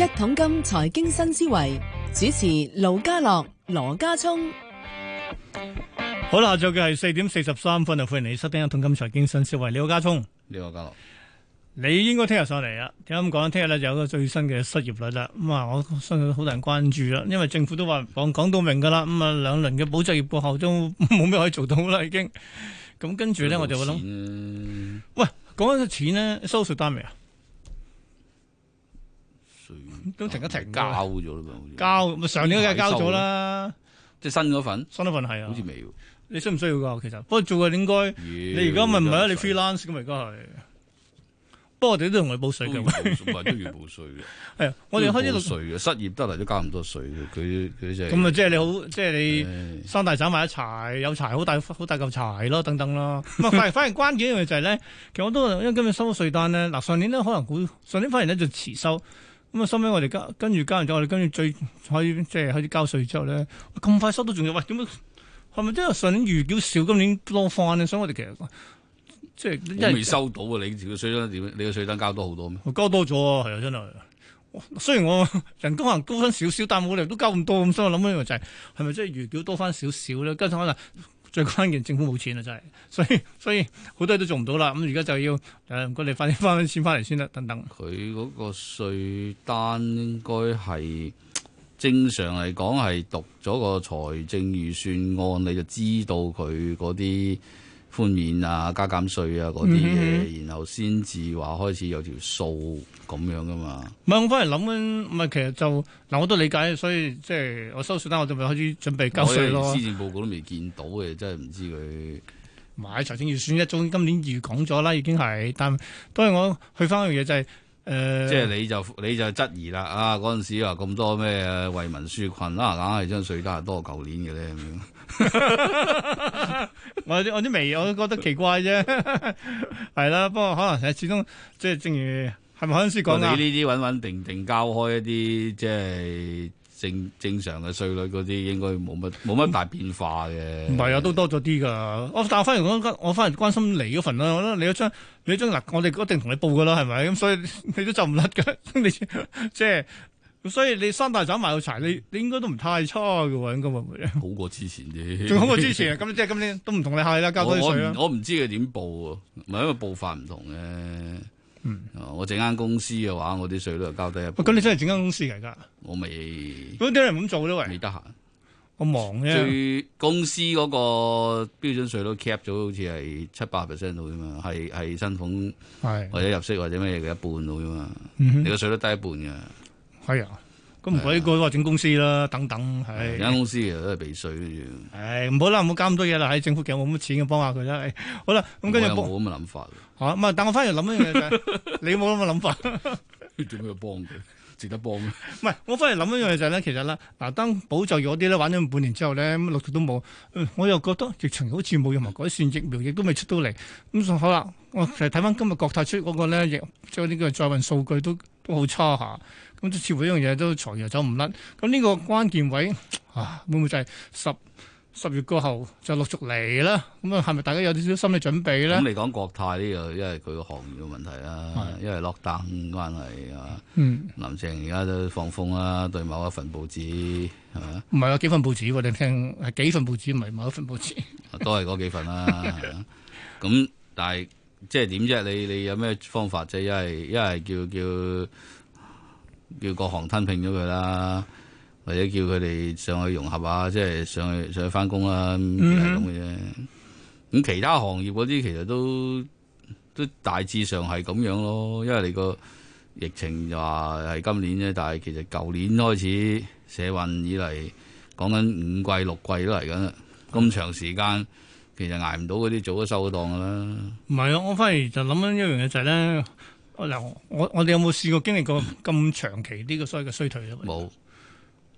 一桶金財經新思維，主持盧家樂羅家聰，好啦，下晝嘅係四點四十三分啊，歡迎你收聽一桶金財經新思維。你好，家聰。你好，家樂。你應該聽日上嚟啊！啱啱講聽日咧，就有一個最新嘅失業率啦。咁啊，我相信好多人關注啦，因為政府都話講講到明噶啦。咁啊，兩輪嘅保就業過後都冇咩可以做到啦，已經。咁跟住咧，我就諗，喂，講緊個錢咧，收數單未啊？都停一停，交咗啦，交咪上年梗係交咗啦，即係新嗰份，新嗰份係啊，好似未。你需唔需要噶？其實不過做嘅應該，你而家咪唔係啊？你 freelance 咁咪而家係。不過我哋都同你報稅嘅，都有報稅嘅。係我哋開呢度稅嘅，失業得嚟都交唔多稅嘅，佢佢就。咁啊，即係你好，即係你三大省埋一齊，有柴好大好大嚿柴咯，等等啦。唔係，反反而關鍵嘅就係咧，其實我都因為今日收咗稅單咧，嗱上年咧可能股，上年反而咧就遲收。咁啊，收尾我哋交跟住交完咗，我哋跟住最可以即係開始交稅之後咧，咁快收到仲要，喂？點樣？係咪即係上年預繳少，今年多翻咧？所以我哋其實即係未收到啊！你條稅單點？你嘅稅單交多好多咩？交多咗啊，係啊，真係。雖然我人工可能高翻少少，但係冇理由都交咁多，咁所以我諗起就係、是，係咪即係預繳多翻少少咧？跟住可能。最關鍵，政府冇錢啊！真係，所以所以好多嘢都做唔到啦。咁而家就要誒，唔該你快啲翻翻錢翻嚟先啦。等等，佢嗰個稅單應該係正常嚟講係讀咗個財政預算案，你就知道佢嗰啲。寬免啊、加減稅啊嗰啲嘢，然後先至話開始有條數咁樣噶嘛。唔係、嗯、我反嚟諗緊，唔係其實就嗱，我都理解，所以即係我收稅啦，我就咪開始準備交稅咯。施政報告都未見到嘅，真係唔知佢。買財政預算一中今年預講咗啦，已經係，但當然我去翻一樣嘢就係、是。誒，呃、即係你就你就質疑啦啊！嗰陣時話咁多咩為民紓困啊，梗係張稅單係多過舊、啊、年嘅咧咁樣。我啲我啲微我都覺得奇怪啫，係 啦。 不過可能始終即係正如係咪嗰陣時講你呢啲穩穩定定交開一啲即係。正正常嘅稅率嗰啲應該冇乜冇乜大變化嘅，唔係啊，都多咗啲噶。我但係翻我反而嚟關心你嗰份啦，我覺得你一張你一張嗱，張我哋一定同你報噶啦，係咪咁？所以你都就唔甩噶，你即係，所以你三大盞買到柴，你你應該都唔太差嘅喎，應該會好過之前啫，仲好過之前啊！咁即係今年都唔同你係啦，交多啲稅啦。我唔知佢點報啊，唔係因為報法唔同嘅。嗯，我整間公司嘅話，我啲稅都係交低一半咁、啊、你真係整間公司嚟噶？我未。咁啲人咁做咯，喂。未得閒，我忙啫。最公司嗰個標準稅率 cap 咗，好似係七百 percent 度啫嘛，係係薪俸，係或者入息或者咩嘅一半度啫嘛。是你個稅都低一半嘅。係、嗯、哼啊。咁唔可以個話的、哎、整公司啦，等等係。間公司又都係避稅嘅啫。係唔好啦，唔好搞咁多嘢啦。喺政府嘅冇乜錢，嘅幫下佢啦、哎。好啦，咁跟住冇咁嘅諗法。吓、啊，唔係，但我反嚟諗一樣嘢就係、是， 你冇咁嘅諗法。做 咩要幫佢？值得幫咩？唔係，我反嚟諗一樣嘢就係、是、咧，其實啦，嗱，當補助咗啲咧，玩咗半年之後咧，陸續都冇，我又覺得疫情好似冇任何改善， 疫苗亦都未出到嚟。咁、嗯、好啦，我嚟睇翻今日國泰出嗰個咧，亦將呢個載運數據都都好差吓。咁即係回呢樣嘢都財源走唔甩，咁、這、呢個關鍵位啊，會唔會就係十十月過後就陸續嚟啦？咁、嗯、啊，係咪大家有啲少少心理準備咧？咁你講國泰呢個，因為佢個行業嘅問題啦，因為落單關係啊。林鄭而家都放風啦，對某一份報紙係嘛？唔係啊，幾份報紙我哋聽，係幾份報紙，唔係某一份報紙。 都係嗰幾份啦、啊。咁、啊嗯、但係即係點啫？你你有咩方法啫？一係一係叫叫。叫叫各行吞併咗佢啦，或者叫佢哋上去融合啊，即係上，上去上去翻工啊，係咁嘅啫。咁、嗯、其他行業嗰啲其實都都大致上係咁樣咯，因為你個疫情就話係今年啫，但係其實舊年開始社運以嚟，講緊五季六季都嚟緊，咁長時間其實挨唔到嗰啲早都收咗檔噶啦。唔係啊，我反而就諗緊一樣嘢就係咧。嗱，我我哋有冇試過經歷過咁長期呢個所謂嘅衰退咧？冇。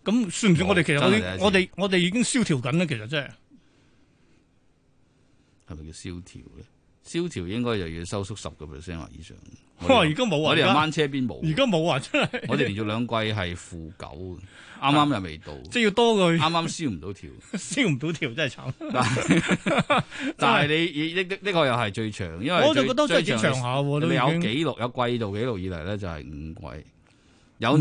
咁算唔算我哋其實我哋我哋已經蕭條緊咧？其實真係係咪叫蕭條咧？蕭條應該就要收縮十個 percent 或以上。我而家冇啊，我哋係掹車邊冇。而家冇啊，真係。我哋連續兩季係負九，啱啱又未到，即係要多過去。啱啱蕭唔到條，蕭唔到條真係慘。但係你呢呢個又係最長，因為我就覺得真係最長下。你有記錄有季度記錄以嚟咧就係五季，有五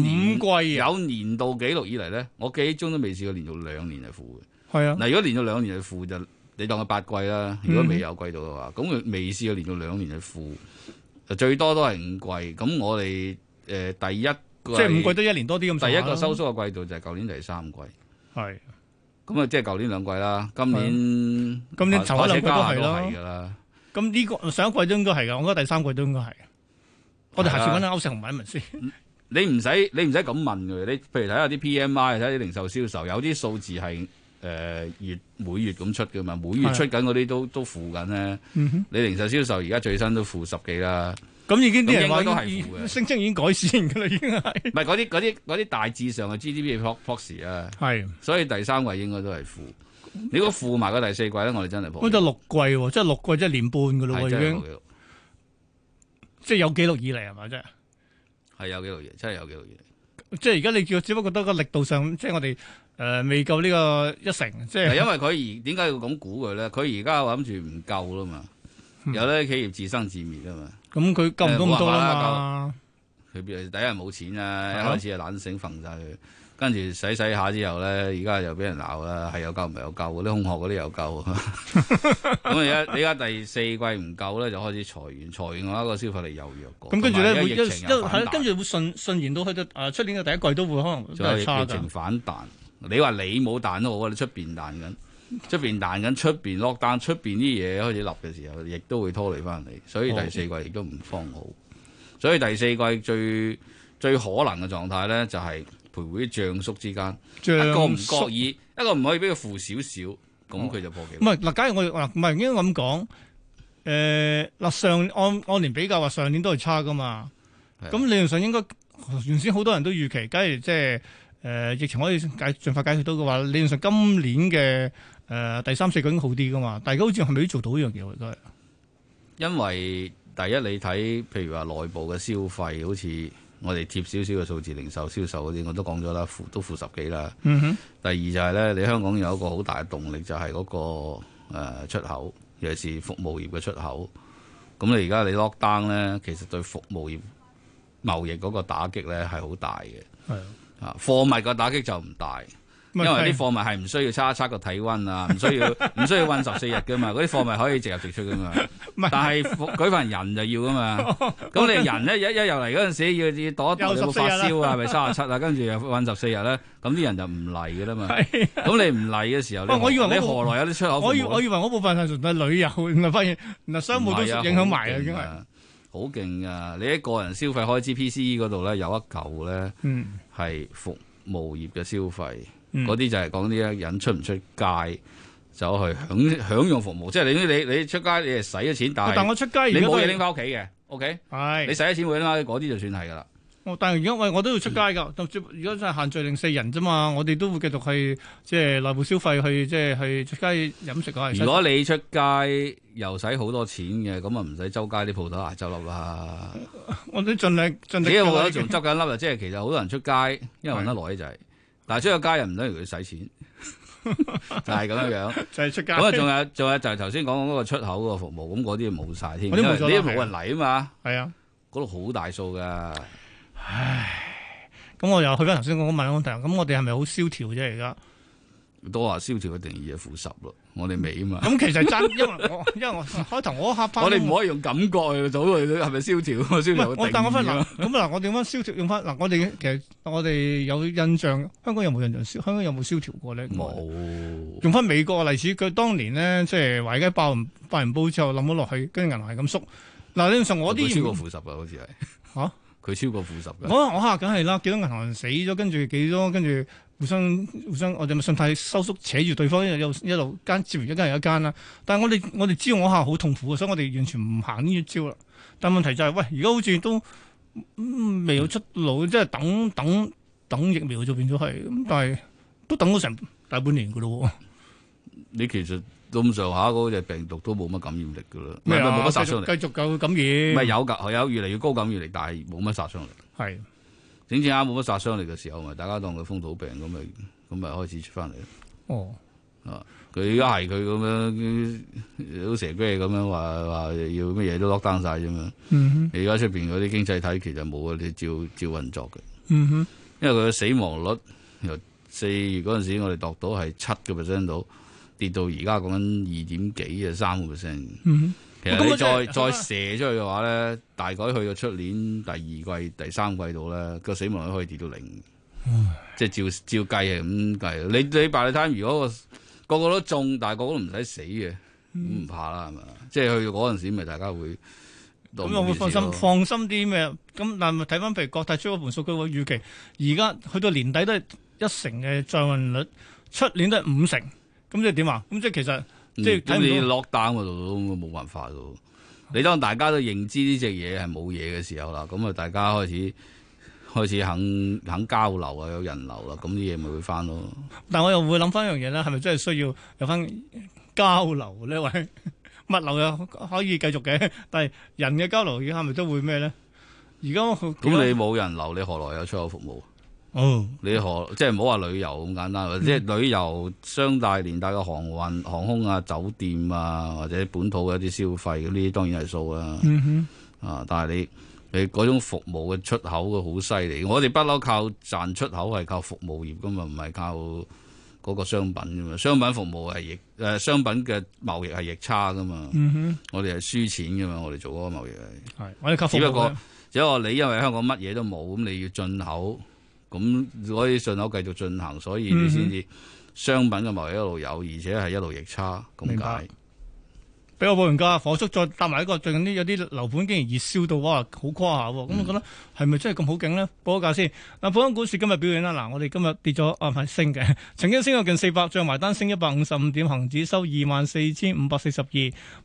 季有年度記錄以嚟咧，我記憶中都未試過連續兩年係負嘅。係啊，嗱如果連續兩年係負就。你當佢八季啦，如果未有，有季度嘅話，咁佢未試過連續兩年去負，就最多都係五季。咁我哋誒、呃、第一，即係五季都一年多啲。咁。第一個收縮嘅季度就係舊年第三季。係咁啊，即係舊年兩季啦，今年今年，而且應該都係㗎啦。咁呢個上一季都應該係㗎，我覺得第三季都應該係。的我哋下次問歐成文問一問先。你唔使你唔使咁問嘅，你譬如睇下啲 PMI，睇下啲零售銷，銷售，有啲數字係。誒，月每月咁出嘅嘛，每月出緊嗰啲都都負緊咧。你零售銷售而家最新都負十幾啦，咁已經啲人話都係負嘅，聲稱已經改善噶啦，已經係。唔係嗰啲嗰啲啲大致上嘅 GDP proxy 啊，係，所以第三季應該都係負。如果負埋個第四季咧，我哋真係負。咁就六季，即係六季一年半噶咯喎，已經。即係有記錄以嚟係咪？真係有記錄以嚟，真係有記錄以嚟。即係而家你叫，只不過得個力度上，即係我哋誒、呃、未夠呢個一成。即係，因為佢而點解要咁估佢咧？佢而家話諗住唔夠啦嘛，嗯、有啲企業自生自滅啊嘛。咁佢救唔救到啦嘛？佢、嗯、第一日冇錢啦、啊，的一開始係懶醒，瞓晒佢。跟住洗洗下之後咧，而家又俾人鬧啦，係有救唔有救？啲空殼嗰啲有救。咁而家依家第四季唔夠咧，就開始裁員，裁員嘅話個消費力又弱過。咁跟住咧，跟住會順順延到去到啊，出年嘅第一季都會可能都係差㗎。疫情反彈，你話你冇彈都好啊，你出邊彈緊，出邊彈緊，出邊落單，出邊啲嘢開始立嘅時候，亦都會拖累翻嚟。所以第四季都唔方好。所以第四季最最可能嘅狀態咧，就係、是。徘徊喺將叔之間，宿一個唔覺意，一個唔可以俾佢負少少，咁佢，哦、就過幾。唔係嗱，假如我嗱唔係應該咁講，誒、呃、嗱上按按年比較話上年都係差噶嘛，咁的理論上應該原先好多人都預期，假如即係誒疫情可以解盡快解決到嘅話，理論上今年嘅誒，呃、第三四季已經好啲噶嘛，但係而家好似係咪都做到呢樣嘢？應該因為第一你睇譬如話內部嘅消費好似。我哋貼少少嘅數字，零售銷售嗰啲，我都講咗啦，負都負十幾啦。嗯哼。第二就係咧，你香港有一個好大嘅動力，就係嗰個呃出口，尤其是服務業嘅出口。咁你而家你 lock down 咧，其實對服務業貿易嗰個打擊咧係好大嘅。係啊，貨物嘅打擊就唔大。因為啲貨物係唔需要測一測個體溫啊，唔需要唔需要韞十四日噶嘛，嗰啲貨物可以直入直出噶嘛。但係佢份人就要噶嘛。咁你人咧一一入嚟嗰陣時，要要躲一躲有冇發燒啊，係咪三十七啊，跟住又韞十四日咧，咁啲人就唔嚟噶啦嘛。咁你唔嚟嘅時候，我以為我你何來有、啊、啲出口？我以為嗰部分係純粹旅遊，唔係發現商務都影響埋啊，已經好勁噶。你喺個人消費開支 PC 嗰度咧有一嚿咧，係服務業嘅消費。嗯嗰啲、嗯、就係講啲咧，人出唔出街走去享享用服務，即、就、係、是、你你你出街你使咗錢，但但我出街，你冇嘢拎翻屋企嘅，OK 係是你使咗錢會拎，嗰啲就算係噶啦。但係而家喂，我都要出街噶，如果真係限聚令四人啫嘛，我哋都會繼續去即係內部消費，去即係去出街飲食，如果你出街又使好多錢嘅，咁啊唔使周街啲鋪頭挨執笠啦。我都盡量，盡力。而且我仲執緊笠啊！即係其實好 多人出街，因為揾得耐就係、是。嗱，出咗加人唔等於佢使錢， 就係咁樣樣。 就係出街。咁啊，仲有仲有就係頭先講嗰個出口個服務，咁嗰啲冇晒添。嗰啲冇，人嚟啊嘛。係啊，嗰度好大數噶。唉，咁我又去翻頭先講問嘅問題。咁我哋係咪好蕭條啫？而家？多話蕭條嘅定義係負十咯，我哋未啊嘛。咁 其實真，因為我因為我開頭我吓翻。我哋唔 可以用感覺去做，係咪蕭條？我但我翻嗱，咁嗱，我點翻蕭條用翻嗱？我哋其實我哋有印象，香港有冇印象香港有冇蕭條過呢？冇沒。用翻美國例子，佢當年呢，即係話而家爆爆完煲之後，冧咗落去，跟住銀行係咁縮。嗱，事實上我啲冇超過負十啊，好似係吓。 佢超過負十嘅，我我嚇梗係啦，幾多銀行人死咗，跟住幾多跟住互相互相，我哋咪信貸收縮扯住對方，一路一路間接完一間又一間啦。但係我哋我哋知我下好痛苦嘅，所以我哋完全唔行呢一招啦。但問題就係、是、喂，而家好似都未有出路，嗯、即係等等等疫苗就變咗係咁，但係都等咗成大半年嘅咯。你其實。咁上下嗰隻病毒都冇乜感染力噶啦，咩啊麼？冇乜殺傷力。繼續夠感染，唔係有噶，有，有越嚟越高感染力，但係冇乜殺傷力。係，整整啱冇乜殺傷力嘅時候，咪大家當佢風土病咁咪，咁咪開始出翻嚟咯。哦，啊，佢、嗯、而家係佢咁樣，好似蛇咁樣話話要乜嘢都 lock down 晒咁嘛。而家出邊嗰啲經濟體其實冇啊，你照照運作嘅。嗯、哼因為佢嘅死亡率由四月嗰陣時我哋度到係七個 percent 度。跌到而家講緊二點幾啊，三個 percent。其實你再、嗯啊就是、再射出去嘅話咧，大概去到出年第二季、第三季度咧，個死亡率可以跌到零，呃、即係照照計係咁計。你你擺你睇，如果個個個都中，但係個個都唔使死嘅，咁唔、嗯、怕啦，係嘛？即係去到嗰陣時，咪大家會咁我會放心放心啲咩？咁但係咪睇翻譬如國泰出嗰盤數據話，預期而家去到年底都係一成嘅載運率，出年都係五成，成。咁即係點啊？咁即係其實、嗯、即係你落單喎，度都冇辦法咯。你當大家都認知呢隻嘢係冇嘢嘅時候啦，咁啊大家開始開始肯肯交流啊，有人流啦，咁啲嘢咪會翻咯。但係我又會諗翻一樣嘢咧，係咪真係需要有翻交流呢？喂，物流又可以繼續嘅，但係人嘅交流而家係咪都會咩咧？而家咁你冇人流，你何來有出口服務？嗯，oh. 你何即係唔好話旅遊咁簡單，即係旅遊商大連帶嘅航運、航空啊、酒店啊，或者本土嘅一啲消費，咁呢啲當然係數啦。Mm hmm. 啊，但係你你嗰種服務嘅出口嘅好犀利，我哋不嬲靠賺出口係靠服務業噶嘛，唔係靠嗰個商品噶嘛，商品服務係逆誒，商品嘅貿易係逆差噶嘛。Mm hmm. 我哋係輸錢噶嘛，我哋做嗰個貿易係。係，我哋靠服務業。只不過只不過你因為香港乜嘢都冇，咁你要進口。咁可以順口繼續進行，所以你先至商品嘅貿易一路有，而且係一路逆差，咁白解釋。俾我報完價，火速再搭埋一個，最近啲有啲樓盤竟然熱銷到哇，好誇下喎！咁、嗯、我覺得係咪真係咁好勁呢？報個價先。嗱，本港股市今日表現啦。嗱，我哋今日跌咗啊，唔係升嘅，曾經升過近四百，再埋單升一百五十五點，恒指收二萬四千五百四十二，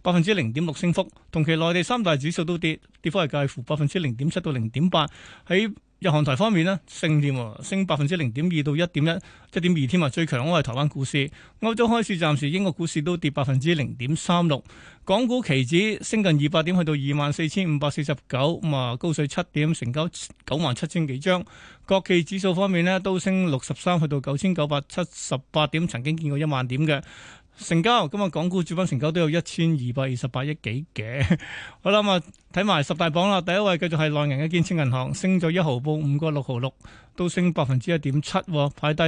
百分之零點六升幅。同期內地三大指數都跌，跌幅係介乎百分之零點七到零點八，喺。日韓台方面咧，升添，升百分之零點二到一點一，一點二添啊！最強嗰個係台灣股市。歐洲開市暫時，英國股市都跌百分之零點三六。港股期指升近二百點，去到二萬四千五百四十九，咁啊，高水七點，成交九萬七千幾張。國企指數方面咧，都升六十三，去到九千九百七十八點，曾經見過一萬點嘅。成交，今日港股主板成交都有一千二百二十八億幾嘅。 好啦，咁啊，睇埋十大榜啦。第一位繼續係內銀嘅建設銀行，升咗一毫半，報五個六毫六，都升百分之一點七，排第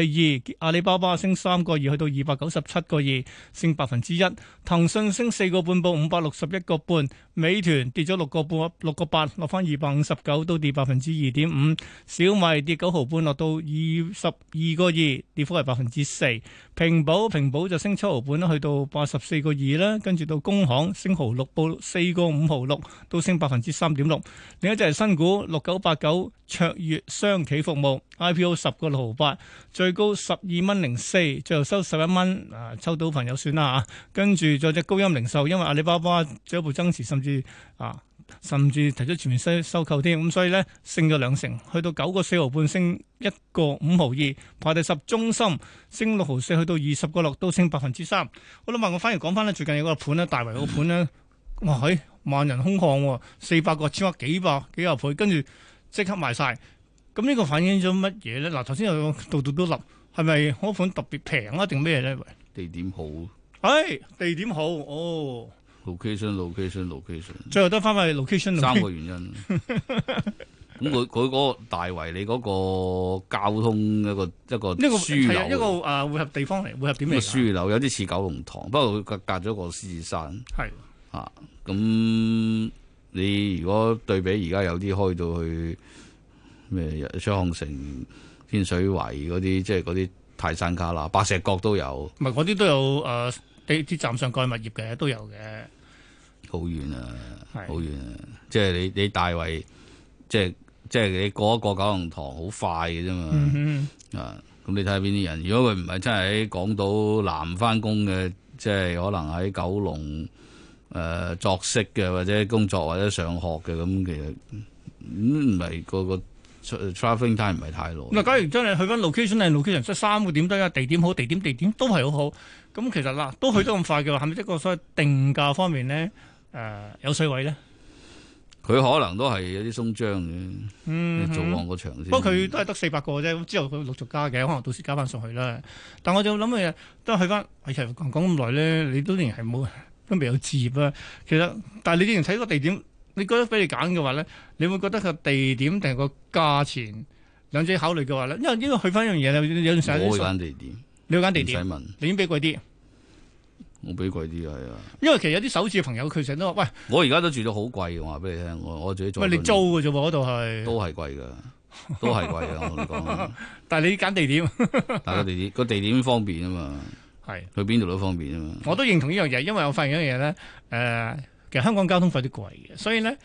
二。阿里巴巴升三個二，去到二百九十七個二，升百分之一。騰訊升四個半，報五百六十一個半。美團跌咗六個半，六個八，落翻二百五十九，都跌百分之二點五。小米跌九毫半，落到二十二個二，跌幅係百分之四。平保平保就升七毫半。去到八十四個二啦，跟住到工行升毫六，報四個五毫六，都升百分之三點六。另一隻係新股六九八九卓越商企服務 IPO 十個六毫八，最高十二蚊零四，最後收十一蚊。啊，抽到朋友算啦吓、啊。跟住再隻高鑫零售，因為阿里巴巴進一步增持，甚至啊。甚至提出全面收收購添，咁所以呢，升咗兩成，去到九個四毫半，升一個五毫二，排第十中心升六毫四，去到二十個六都升百分之三。我諗問我反而講翻呢，最近有個盤呢，大圍個盤呢，哇喺、哎、萬人空巷、啊，四百個千屈幾百幾十倍，跟住即刻賣晒。咁呢、這個反映咗乜嘢呢？嗱，頭先有講度度都立，係咪嗰盤特別平啊？定咩呢？地點好。係地點好哦。location，location，location。location, location, location，最後都返返去 location, location。三個原因。咁佢佢嗰個大圍，你、那、嗰個交通一個一個。呢個係一個啊匯合地方嚟，匯合點嚟？樞紐有啲似九龍塘，不過佢隔隔咗個獅子山。係的啊，咁你如果對比而家有啲開到去咩雙紅城、天水圍嗰啲，即係嗰啲泰山卡啦、白石角都有。唔係嗰啲都有啊、呃！地鐵站上蓋物業嘅都有嘅。好遠啊，好遠啊！即係你你大圍，即係即係你過一過九龍塘好快嘅啫嘛。嗯、哼啊，咁你睇下邊啲人，如果佢唔係真係喺港島南翻工嘅，即、就、係、是、可能喺九龍誒、呃、作息嘅或者工作或者上學嘅咁，其實唔係個個 travelling time 唔係太耐。假如真係去翻 location 係 location，即係三個點得，地點好，地點地點都係好好。咁其實嗱，都去得咁快嘅話，係咪一個所謂定價方面咧？誒、呃，有水位咧？佢可能都係有啲鬆張嘅，嗯，你做旺個場先。不過佢都係得四百個啫，之後佢陸續加嘅，可能到時加翻上去啦。但我就諗嘅都係翻，其實講咁耐咧，你都仍然係冇，都未有置業啦。其實，但係你之前睇個地點，你覺得俾你揀嘅話咧，你會覺得個地點定個價錢兩者考慮嘅話咧，因為應該去翻一樣嘢，你有冇了解地點？了解地點，你唔使問，你已經比貴啲。我俾貴啲啊，係啊，因為其實有啲首次嘅朋友，佢成日都話，喂，我而家都住到好貴，我話俾你聽，我我自己做，喂，你租嘅啫喎，嗰度係都係貴嘅，都係貴嘅， 我同你講。 但係你揀地點， 但係個地點，個地點方便啊嘛，係、啊、去邊度都方便啊嘛。我都認同呢樣嘢，因為我發現一樣嘢咧，誒、呃，其實香港交通費都貴嘅，所以咧，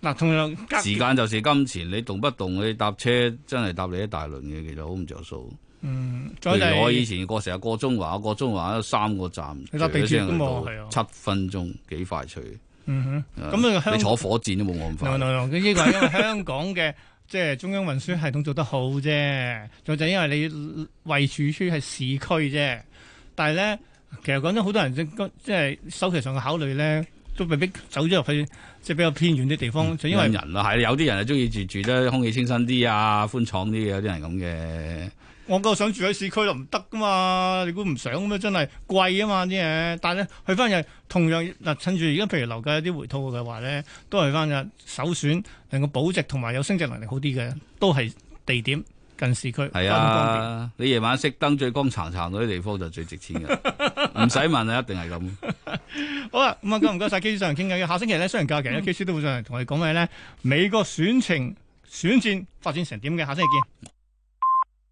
嗱、啊，同樣時間就是金錢，你動不動你搭車真係搭你一大輪嘅，其實好唔着數。嗯，再就是，我以前過成日過中環，過中環三個站，搭地鐵咁啊，七分鐘幾快脆。嗯哼，咁、嗯、你坐火箭都冇咁快。呢個係因為香港嘅 即係中央運輸系統做得好啫。再就因為你位處喺市區啫，但係咧，其實講真，好多人即係即係首期上嘅考慮咧，都未必走咗入去。即係比較偏遠啲地方，嗯、就因為人啦，係有啲人係中意住住得空氣清新啲啊，寬敞啲嘅，有啲人咁嘅。我夠想住喺市區又唔得噶嘛！你估唔想咩？真係貴啊嘛啲嘢。但係咧，去翻日同樣嗱、啊，趁住而家譬如樓價有啲回吐嘅話咧，都係翻日，首選能夠保值同埋有，有升值能力好啲嘅，都係地點。近市區係啊，點你夜晚熄燈最光殘殘嗰啲地方就最值錢嘅，唔使 問啊，一定係咁。 好啦，咁啊，唔該晒，基師上嚟傾偈。下星期咧，雖然假期咧，基師都會上嚟同我哋講咩咧。美國選情選戰發展成點嘅？下星期見。